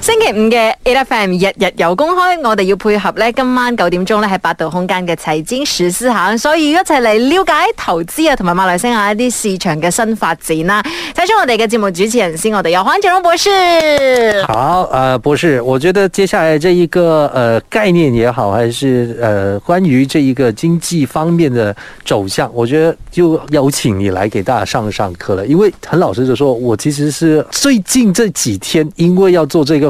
星期五嘅 e FM 日日有公開，我哋要配合咧，今晚九點鐘咧喺八度空間嘅齊肩樹思考，所以一齊嚟了解投資啊，同埋馬來西亞一啲市場嘅新發展啦。睇出我哋嘅節目主持人先，我哋有黃錦榮博士。好，誒、呃，博士，我覺得接下來這一個呃概念也好，還是呃關於這一個經濟方面嘅走向，我覺得就邀請你來給大家上一上課了因為很老實就說我其實是最近這幾天因為要做這個。